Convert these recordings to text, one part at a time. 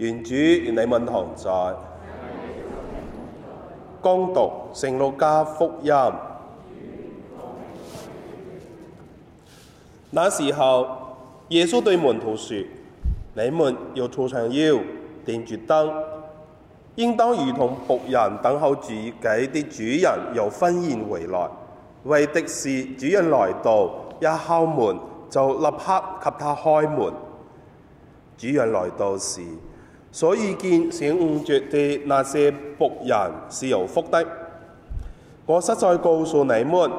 願主，與你們同在。恭讀《聖路加福音》，那時候，耶穌對門徒説：你們要束上腰，點住燈，應當如同僕人等候自己啲主人由婚宴回來，為的是主人來到一敲門就立刻給他開門。主人來到時。所以見醒悟著的那些僕人是有福的。我實在告訴你們，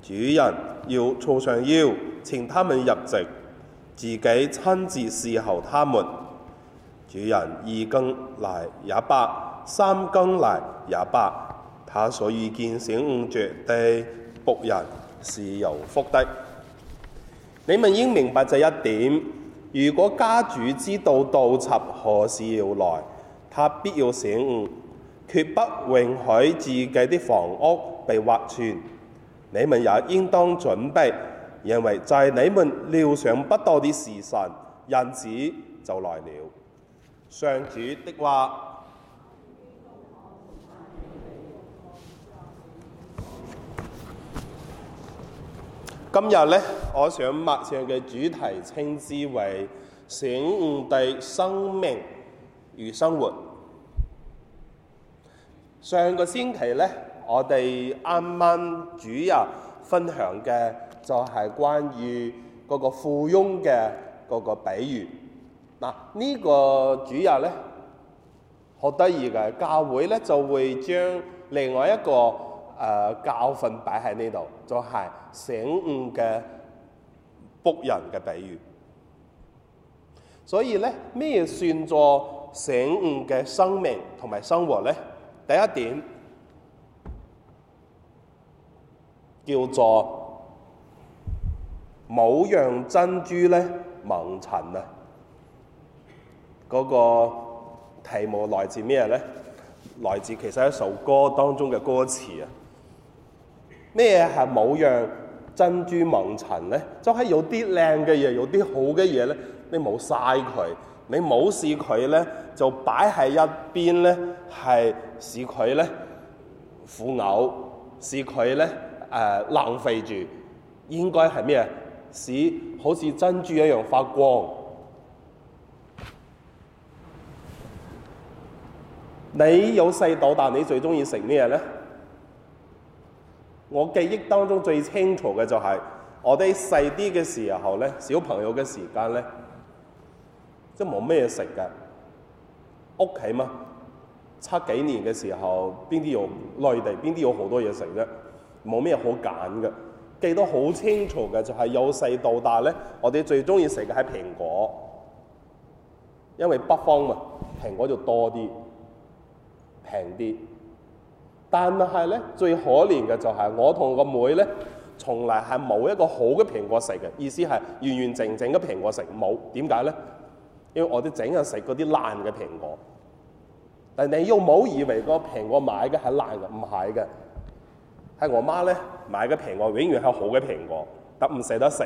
主人要錯上腰請他們入席，自己親自侍候他們。主人二更來也罷，三更來也罷。他所遇見醒悟著的僕人是有福的。你們應明白這一點。如果家主知道盜賊何時要來，他必要醒悟，絕不允許自己的房屋被劃穿。你們也應當準備，因為在你們料想不到的時辰，人子就來了。上主的話。今日咧，我想默上嘅主題稱之為醒寤嘅生命與生活。上個星期咧，我哋啱啱主日分享嘅就係關於嗰個富翁嘅嗰個比喻。嗱，呢個主日咧好得意嘅，教會咧就會將另外一個，誒、呃、教訓擺喺呢度，就係、是、醒悟嘅僕人嘅比喻。所以咧，咩算作醒悟嘅生命同埋生活咧？第一點叫做冇讓珍珠咧蒙塵啊！嗰、那個題目來自咩咧？來自其實一首歌當中嘅歌詞啊！咩嘢係冇讓珍珠蒙塵咧？就係、是、有啲靚嘅嘢，有啲好嘅嘢咧，你冇曬佢，你冇試佢咧，就擺喺一邊咧，係使佢咧腐朽，使佢咧誒浪費住，應該係咩嘢？使好似珍珠一樣發光。你有細到，但你最中意食咩嘢咧？我記憶當中最清楚嘅就係我哋細啲嘅時候咧，小朋友嘅時間咧，即係冇咩嘢食㗎，屋企嘛，七幾年嘅時候，邊啲有內地，邊啲有很多東西吃的，好多嘢食啫，冇咩好揀㗎。記得好清楚嘅就係由細到大咧，我哋最中意食嘅係蘋果，因為北方嘛，蘋果就多啲，平啲。但係咧，最可憐嘅就係我同個妹咧，從來係冇一個好嘅蘋果食嘅，意思係完完整整嘅蘋果食冇。點解咧？因為我哋整日食嗰啲爛嘅蘋果。但你又冇以為個蘋果買嘅係爛嘅，唔係嘅。係我媽咧買嘅蘋，蘋果，永遠係好嘅蘋果，但唔捨得食，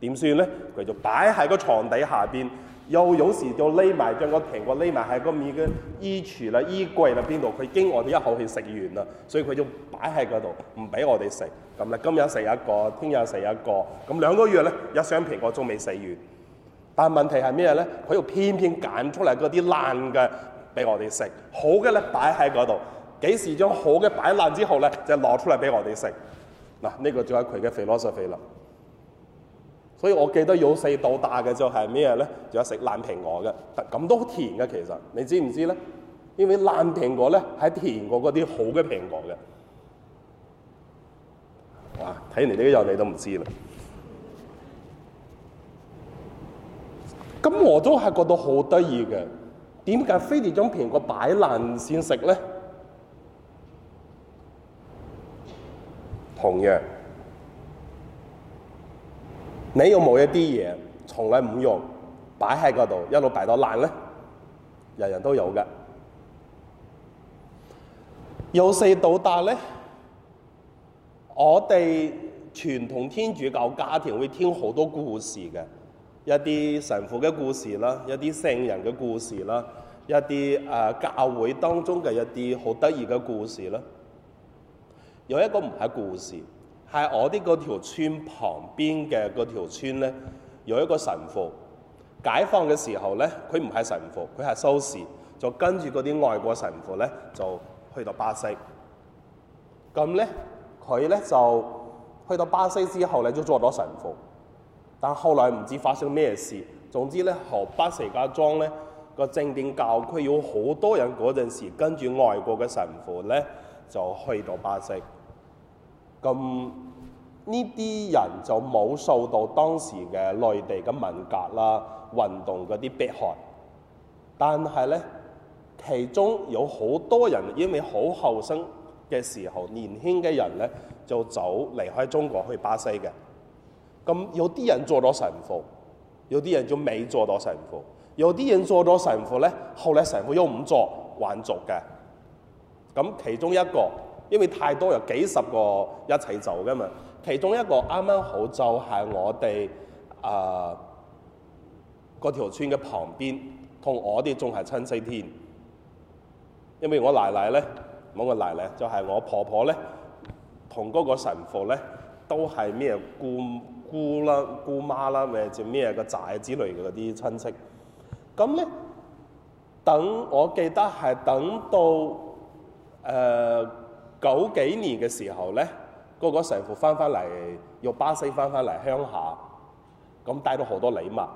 點算咧？佢就擺喺個床底下邊。又有時就匿埋將個蘋果匿埋喺個面嘅衣櫥啦、衣櫃啦邊度，佢驚我哋一口氣食完啦，所以佢就擺喺嗰度，唔俾我哋食。咁咧，今日食一個，聽日食一個，咁兩個月咧，一箱蘋果仲未食完。但係問題係咩咧？佢又偏偏揀出嚟嗰啲爛嘅俾我哋食，好嘅咧擺喺嗰度。幾時將好嘅擺爛之後咧，就攞出嚟俾我哋食。嗱，呢個就係佢嘅 philosophy 啦。所以我記得由細到大嘅就係咩咧？仲有食爛蘋果嘅，咁都甜嘅其實，你知唔知咧？因為爛蘋果咧係甜過嗰啲好嘅蘋果嘅。哇！睇嚟呢樣你都唔知啦。咁我都係覺得好得意嘅，點解非得將蘋果擺爛先食咧？同樣。你有冇一啲嘢從來唔用擺喺嗰度，一路擺到爛呢？人人都有嘅。由細到大呢，我哋傳統天主教家庭會聽好多故事嘅，一啲神父嘅故事啦，一啲聖人嘅故事啦，一啲教會當中嘅一啲好得意嘅故事啦。有一個唔係故事。係我啲嗰條村旁邊嘅嗰條村咧，有一個神父。解放嘅時候咧，佢唔係神父，佢係修士，就跟住嗰啲外國神父咧，就去到巴西。咁咧，佢咧就去到巴西之後咧，就做咗神父。但係後來唔知發生咩事，總之咧，河北石家莊咧，個正定教區有好多人嗰陣時跟住外國嘅神父咧，就去到巴西。咁呢啲人就冇受到當時嘅內地嘅文革啦運動嗰啲迫害。但係咧，其中有好多人因為好後生嘅時候年輕嘅人咧就走離開中國去巴西嘅。咁有啲人做咗神父，有啲人就未做到神父，有啲人，人做咗神父咧，後來神父又唔做，還俗嘅，咁其中一個。因為太多有幾十個一齊走㗎嘛，其中一個啱啱好就係我哋啊嗰條村嘅旁邊，同我哋仲係親戚添。因為我奶奶咧，冇個奶奶就係、是、我婆婆咧，同嗰個神父咧都係咩姑姑啦、姑媽啦，或者咩個仔之類嘅嗰啲親戚。咁咧，等我記得係等到誒。呃九幾年嘅時候咧，個、呢個神父翻翻嚟，由巴西翻翻嚟鄉下，咁帶到好多禮物。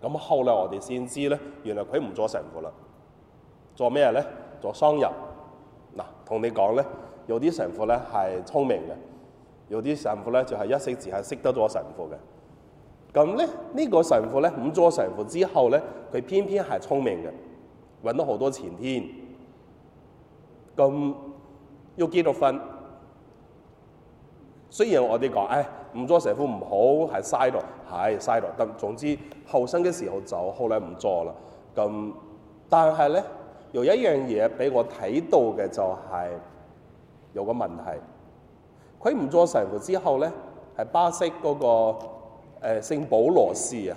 咁後嚟我哋先知咧，原來佢唔做神父啦，做咩咧？做商人。嗱、啊，同你講咧，有啲神父咧係聰明嘅，有啲神父咧就係、是、一開始係識得咗神父嘅。咁咧呢、呢個神父咧唔做神父之後咧，佢偏偏係聰明嘅，揾到好多錢添。咁。要結到婚，雖然我哋講，誒唔做神父唔好，係嘥落，係嘥落。但總之後生嘅時候就後來唔做啦。咁但係咧，有一樣嘢俾我睇到嘅就係有個問題，佢唔做神父之後咧，係巴西嗰、那個誒聖、呃、保羅斯啊，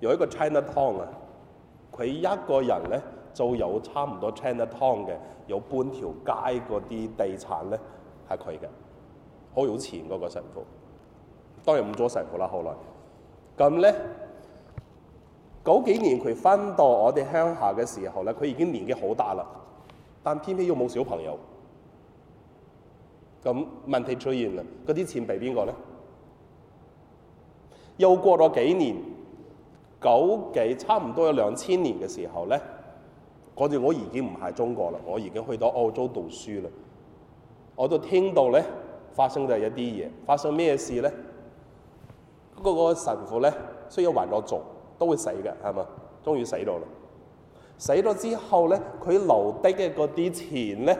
有一個 China Town 啊，佢一個人咧。就有差唔多 Chinatown 嘅，有半條街嗰啲地產咧係佢嘅，好有錢嗰個神父。當然唔咗神父啦，後來咁咧，九幾年佢翻到我哋鄉下嘅時候咧，佢已經年紀好大啦，但偏偏要冇小朋友，咁問題出現啦，嗰啲錢俾邊個咧？又過咗幾年，九幾差唔多有兩千年嘅時候咧。嗰陣我已經唔係中國啦，我已經去到澳洲讀書啦。我都聽到咧發生咗一啲嘢，發生咩事咧？嗰個神父咧，需要還過債都會死嘅，係嘛？終於死到啦。死咗之後咧，佢留低嘅嗰啲錢咧，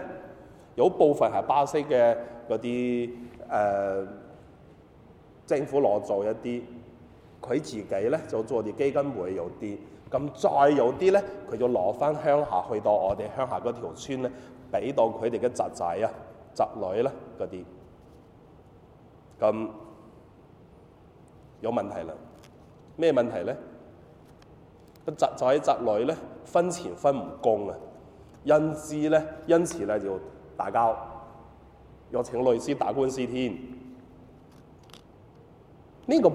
有部分係巴西嘅嗰啲誒政府攞做一啲，佢自己咧就做啲基金會有啲。咁再有啲咧，佢就攞翻鄉下，去到我哋鄉下嗰條村咧，俾到佢哋嘅侄仔啊、侄女咧嗰啲，咁有問題啦。咩問題咧？侄仔侄女咧分錢分唔公啊，因此咧，因此咧就打交，要請律師打官司添。呢個。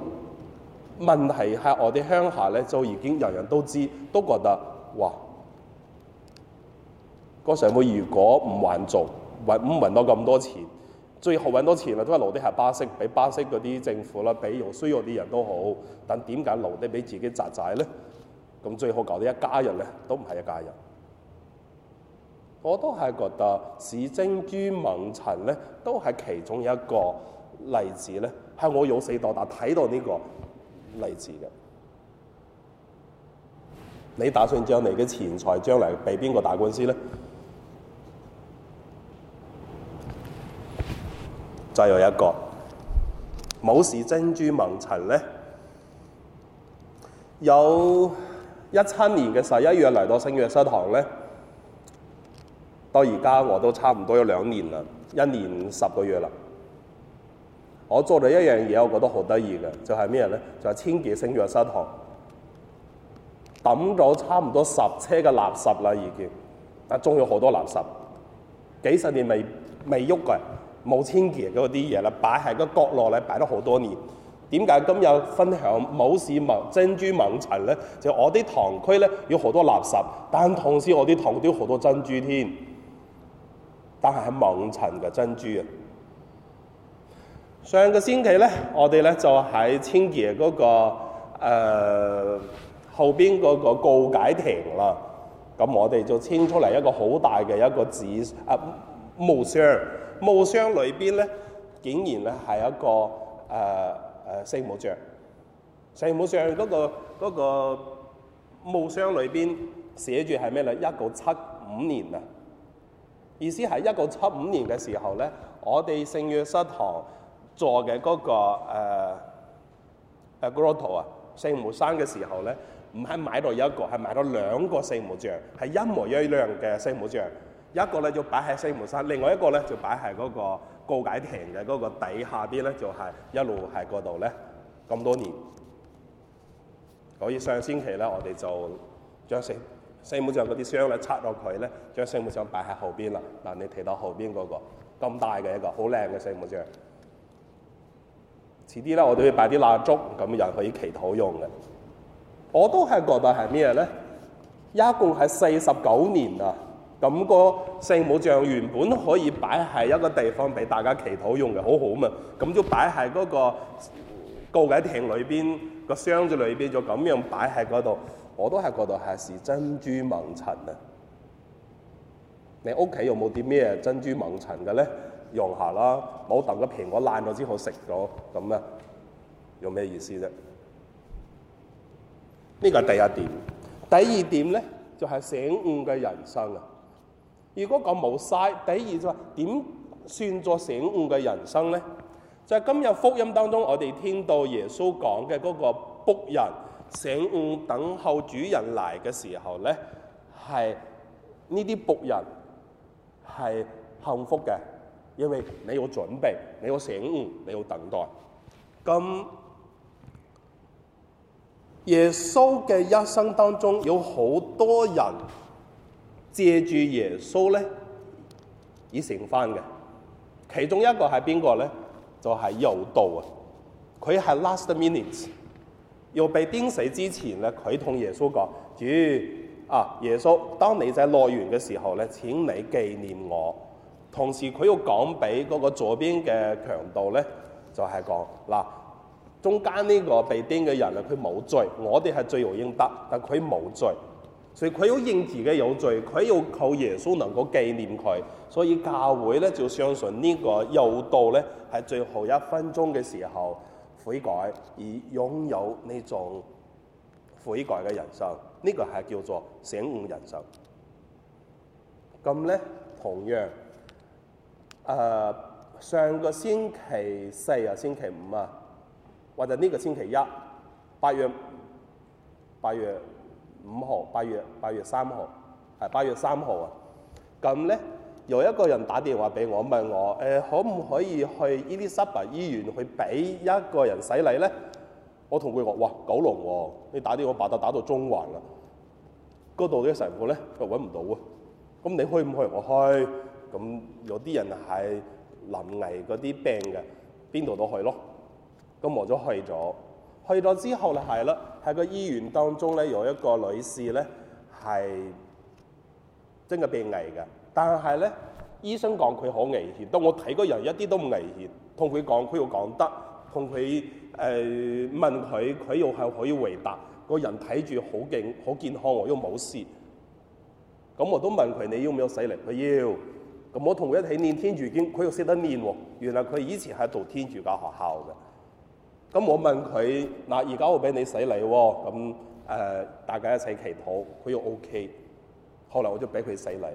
問題係我哋鄉下咧，就已經人人都知道，都覺得哇，個社會如果唔還做，揾唔揾到咁多錢，最後揾多錢啦，都係留低係巴息，俾巴息嗰啲政府啦，俾用需要啲人都好，但點解留低俾自己侄仔咧？咁最好搞到一家人咧，都唔係一家人。我都係覺得係珍珠蒙塵咧，都係其中一個例子咧。係我有四代，但睇到呢個。例子嘅你打算將你嘅錢財將來俾邊個打官司呢？再有一個，莫使珍珠蒙塵呢，由一七年嘅十一月嚟到星月失堂呢。到而家我都差唔多有兩年喇，一年十個月喇。我做咗一樣嘢，我覺得好得意嘅，就係咩咧？就係清潔聖若瑟堂抌咗差唔多十車嘅垃圾啦，已經，但仲有好多垃圾幾十年未未喐嘅，冇清潔嗰啲嘢啦，擺喺個角落咧，擺咗好多年。點解今日分享冇事掹珍珠蒙塵咧？就是、我啲堂區咧要好多垃圾，但同時我啲堂區都有好多珍珠添，但係喺蒙塵嘅珍珠啊！上個星期咧，我哋咧就喺清潔嗰個誒、呃、後邊嗰個告解亭咯。咁我哋就清出嚟一個好大嘅一個紙啊木箱裡，木箱裏邊咧竟然咧係一個誒誒聖母像。聖母像嗰個嗰個木箱裏邊寫住係咩咧？一九七五年啊，意思係一九七五年嘅時候咧，我哋聖約瑟堂。做嘅嗰、那個 Grotto 啊，聖、呃那個、母山嘅時候咧，唔係買到一個，係買到兩個聖母像，係一模一樣嘅聖母像。一個咧就擺喺聖母山，另外一個咧就擺喺嗰個告解亭嘅嗰個底下邊咧，就係、是、一路喺嗰度咧咁多年。所以上星期咧，我哋就將聖聖母像嗰啲箱咧拆咗佢咧，將聖母像擺喺後邊啦。嗱，你睇到後邊嗰、那個咁大嘅一個好靚嘅聖母像。遲啲啦，我哋要擺啲蠟燭，咁又可以祈禱用嘅。我都係覺得係咩咧？一共係四十九年啊！咁、那個聖母像原本可以擺喺一個地方俾大家祈禱用嘅，好好嘛。咁就擺喺嗰個告解亭裏邊個箱子裏邊，就咁樣擺喺嗰度。我都係覺得係珍珠蒙塵啊！你屋企有冇啲咩珍珠蒙塵嘅咧？用下啦，冇等個蘋果爛咗之後食咗，咁咧有咩意思啫？呢個係第一點。第二點咧就係醒悟嘅人生啊！如果講冇晒，第二就話點算作醒悟嘅人生咧？就係今日福音當中，我哋聽到耶穌講嘅嗰個僕人醒悟，等候主人嚟嘅時候咧，係呢啲僕人係幸福嘅。因為你有準備，你有醒悟，你有等待。咁耶穌嘅一生當中有好多人借住耶穌咧，已醒返嘅。其中一個係邊個咧？就係、是、右盜啊！佢係 last minute，要被釘死之前咧，佢同耶穌講主啊，耶穌當你喺樂園嘅時候咧，請你紀念我。同時佢要講俾嗰個左邊嘅強盜咧，就係講嗱，中間呢個被釘嘅人啊，佢冇罪，我哋係罪有應得，但佢冇罪，所以佢要認自己有罪，佢要靠耶穌能夠紀念佢，所以教會咧就相信個呢個右盜咧係最後一分鐘嘅時候悔改而擁有呢種悔改嘅人生，呢、這個係叫做醒悟人生。咁咧，同樣。誒、uh, 上個星期四啊，星期五啊，或者呢個星期一，八月八月五號，八月八月三號，係、哎、八月三號啊。咁咧有一個人打電話俾我，問我誒、欸、可唔可以去伊利沙伯醫院去俾一個人洗禮咧？我同佢話：哇，九龍喎、哦，你打啲我八達打到中環啦，嗰度啲神父咧佢揾唔到啊。咁你去唔去？我去。咁有啲人係臨危嗰啲病嘅，邊度都去咯。咁我都去咗，去咗之後咧係啦，喺個醫院當中咧有一個女士咧係真嘅病危嘅，但係咧醫生講佢好危險。當我睇嗰人一啲都唔危險，同佢講佢又講得，同佢誒問佢佢又係可以回答。個人睇住好勁，好健康，我又冇事。咁我都問佢，你要唔要死力？佢要。咁我同佢一起念天主經，佢又識得念喎、哦。原來佢以前係讀天主教學校嘅。咁我問佢，嗱，而家我俾你洗禮喎、哦。咁誒、呃，大家一齊祈禱，佢又 OK。後來我就俾佢洗禮。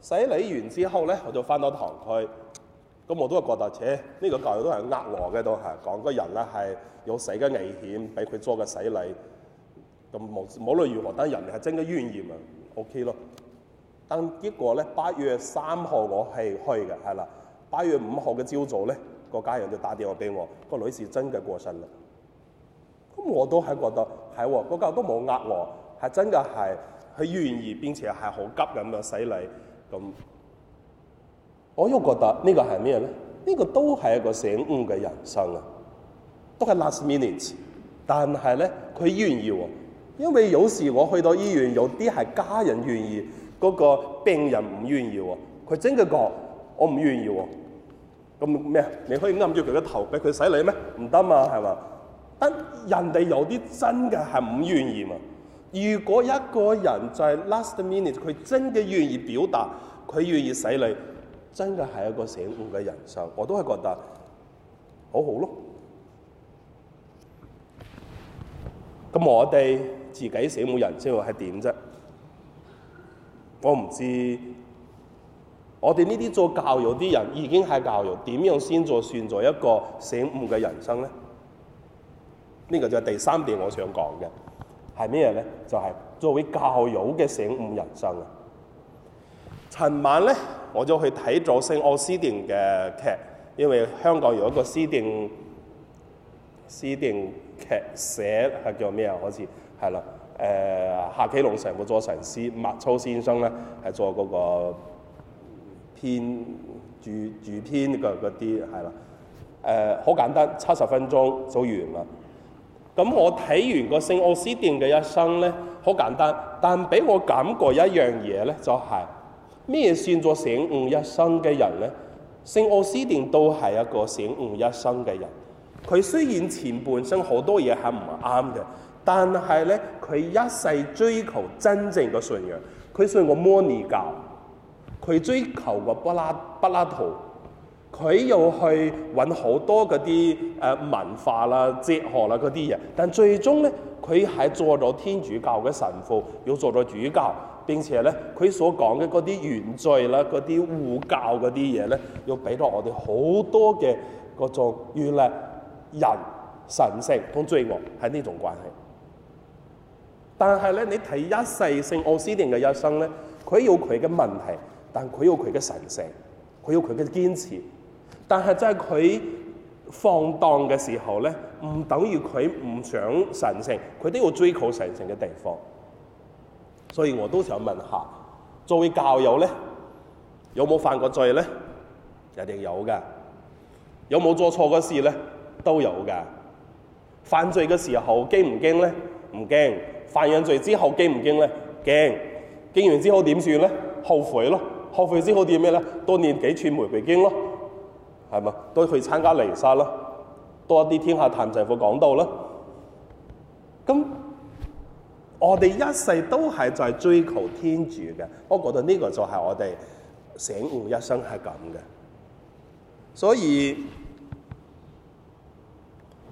洗禮完之後咧，我就翻到堂區。咁我都係覺得，且、這、呢個教育都係呃我嘅，都係講個人咧係有死嘅危險，俾佢做嘅洗禮。咁無無論如何，但人係真嘅怨孽啊，OK 咯。但結果咧，八月三號我係去嘅，係啦。八月五號嘅朝早咧，個家人就打電話俾我，個女士真嘅過身啦。咁我都係覺得係喎，個家人、哦、都冇呃我，係真嘅係佢願意，並且係好急咁樣洗禮咁。我又覺得這個呢個係咩咧？呢、這個都係一個醒悟嘅人生啊，都係 last minute，但係咧佢願意喎、哦，因為有時我去到醫院，有啲係家人願意。嗰個病人唔願意喎，佢真嘅講，我唔願意喎。咁咩啊？你可以撳住佢嘅頭俾佢洗禮咩？唔得嘛，係嘛？得，人哋有啲真嘅係唔願意嘛。如果一個人就係 last minute，佢真嘅願意表達，佢願意洗禮，真嘅係一個醒悟嘅人，就我都係覺得好好咯。咁我哋自己醒悟人即係點啫？我唔知道，我哋呢啲做教育啲人已經係教育，點樣先做算做一個醒悟嘅人生咧？呢、呢個就係第三點我想講嘅係咩咧？就係、是、作為教育嘅醒悟人生啊！尋晚咧，我就去睇咗《聖奧斯定》嘅劇，因為香港有一個斯定斯丁劇社係叫咩啊？好似係啦。誒、呃、夏啟龍成個做神師，麥秋先生咧係做嗰個住主主編嗰啲係啦。誒好、呃、簡單，七十分鐘就完啦。咁我睇完個聖奧斯定嘅一生咧，好簡單，但俾我感覺一樣嘢咧、就是，就係咩算咗醒悟一生嘅人咧？聖奧斯定都係一個醒悟一生嘅人。佢雖然前半生好多嘢係唔啱嘅，但係咧，佢一世追求真正嘅信仰，佢信過摩尼教，佢追求過柏拉柏拉圖，佢又去揾好多嗰啲誒文化啦、哲學啦嗰啲嘢。但最終咧，佢係做咗天主教嘅神父，又做咗主教。並且咧，佢所講嘅嗰啲原罪啦、嗰啲護教嗰啲嘢咧，又俾到我哋好多嘅嗰種原來人神性同罪惡係呢種關係。但係咧，你睇一世聖奧斯定嘅一生咧，佢有佢嘅問題，但佢有佢嘅神聖，佢有佢嘅堅持。但係就係佢放蕩嘅時候咧，唔等於佢唔想神聖，佢都要追求神聖嘅地方。所以我都想問下，作為教友咧，有冇犯過罪咧？一定有噶。有冇做錯嘅事咧？都有噶。犯罪嘅時候驚唔驚咧？唔驚。犯人罪之後驚唔驚咧？驚！驚完之後點算咧？後悔咯！後悔之後點咩咧？多念幾串《玫瑰經》咯，係嘛？多去參加彌撒咯，多啲聽吓譚神父講道咯。咁我哋一世都係在追求天主嘅，我覺得呢個就係我哋醒悟一生係咁嘅，所以。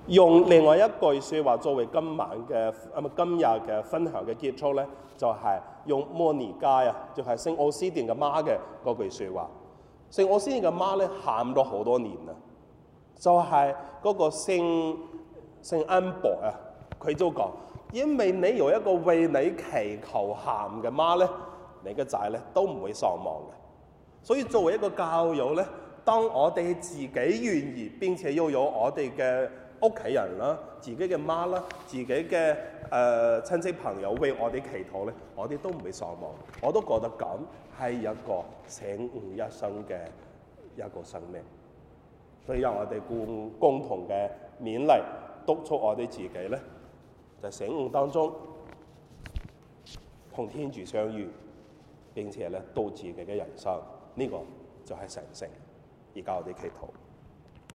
用另外一句説話作為今晚嘅、啊今日嘅分享嘅結束咧，就係、是、用摩尼加、就是就是、啊，就係聖奧斯定嘅媽嘅嗰句説話。聖奧斯定嘅媽咧喊咗好多年啦，就係嗰個聖安博啊，佢都講：因為你有一個為你祈求喊嘅媽咧，你嘅仔咧都唔會喪亡嘅。所以作為一個教友咧，當我哋自己願意並且要有我哋嘅。屋企人啦，自己嘅媽啦，自己嘅誒親戚朋友為我哋祈禱咧，我哋都唔會喪亡。我都覺得咁係一個醒悟一生嘅一個生命，所以由我哋共共同嘅勉勵督促我哋自己咧，就是、醒悟當中同天主相遇，並且咧度自己嘅人生，呢、這個就係神聖。而家我哋祈禱。